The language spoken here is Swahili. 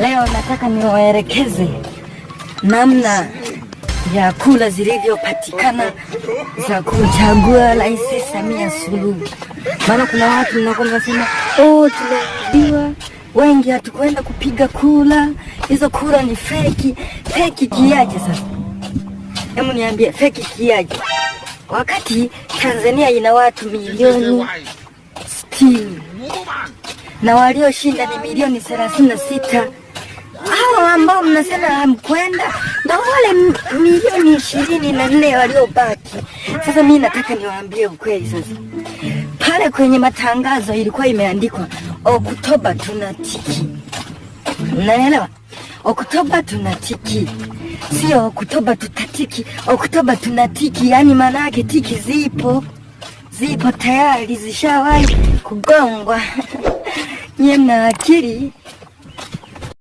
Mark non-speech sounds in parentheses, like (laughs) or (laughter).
Leo nataka niwaelekeze namna ya kula zilivyopatikana za kuchagua Rais Samia Suluhu. Maana kuna watu mnakuwa sema oh, tunaambiwa wengi hatukwenda kupiga kula hizo kula ni feki. Feki kiaje? Sasa hebu niambie, feki kiaje wakati Tanzania ina watu milioni sitini na walioshinda ni milioni thelathini na sita hao ambao mnasema hamkwenda ndio wale milioni ishirini na nne waliobaki. Sasa mimi nataka niwaambie ukweli sasa. Pale kwenye matangazo ilikuwa imeandikwa Oktoba tunatiki, mnaelewa? Oktoba tunatiki, sio Oktoba tutatiki. Oktoba tunatiki, yani maana yake tiki zipo, zipo tayari, zishawahi kugongwa. (laughs) Nyie mna akili?